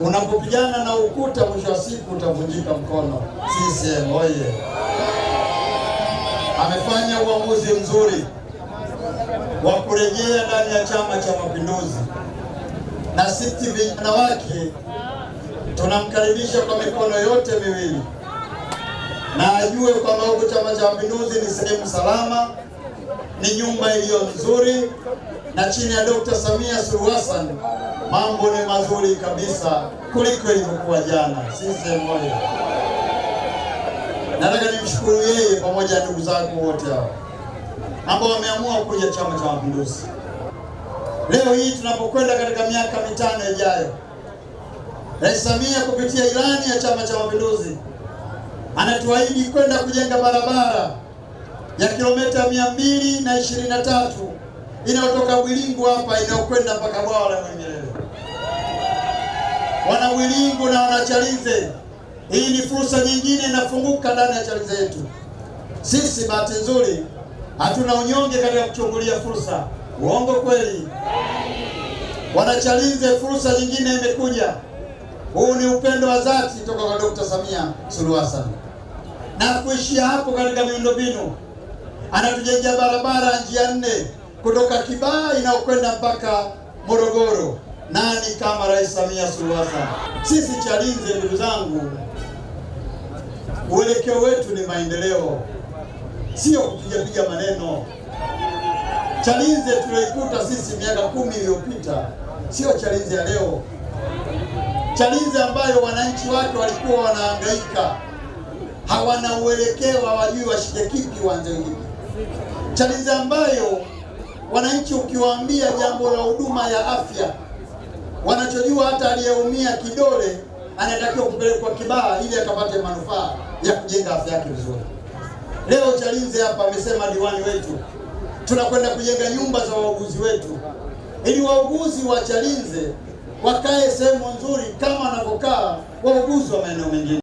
Unapopigana na ukuta, mwisho wa siku utavunjika mkono. CCM oye! Amefanya uamuzi mzuri wa kurejea ndani ya Chama cha Mapinduzi, na sisi vijana wake tunamkaribisha kwa mikono yote miwili, na ajue kwamba huku Chama cha Mapinduzi ni sehemu salama, ni nyumba iliyo nzuri na chini ya Dr. Samia Suluhu Hassan mambo ni mazuri kabisa kuliko ilivyokuwa jana. Sisiemoyo, nataka nimshukuru yeye pamoja na ndugu zangu wote hao ambao wameamua kuja Chama cha Mapinduzi. Leo hii tunapokwenda katika miaka mitano ijayo, Rais Samia kupitia ilani ya Chama cha Mapinduzi anatuahidi kwenda kujenga barabara ya kilomita mia mbili na ishirini na tatu inayotoka Bwilingu hapa inayokwenda mpaka bwawa la Mwengerero. Wana Bwilingu na wanachalize hii ni fursa nyingine inafunguka ndani ya Chalinze yetu. Sisi bahati nzuri hatuna unyonge katika kuchungulia fursa. Uongo kweli? wanachalize fursa nyingine imekuja. Huu ni upendo wa dhati toka kwa Dr. Samia Suluhu Hassan, na kuishia hapo katika miundombinu, anatujengea barabara njia nne kutoka Kibaha inayokwenda mpaka Morogoro. Nani kama Rais Samia Suluhu Hassan? Sisi Chalinze, ndugu zangu, uelekeo wetu ni maendeleo, sio kupigapiga maneno. Chalinze tulioikuta sisi miaka kumi iliyopita sio Chalinze ya leo. Chalinze ambayo wananchi wake walikuwa wanaangaika hawana uelekeo, hawajui washike kipi, wanze hivi. Chalinze ambayo wananchi ukiwaambia jambo la huduma ya afya, wanachojua hata aliyeumia kidole anatakiwa kupelekwa Kibaha ili akapate manufaa ya kujenga afya yake vizuri. Leo Chalinze hapa amesema diwani wetu, tunakwenda kujenga nyumba za wauguzi wetu ili wauguzi wa Chalinze wakae sehemu nzuri kama wanavyokaa wauguzi wa maeneo mengine.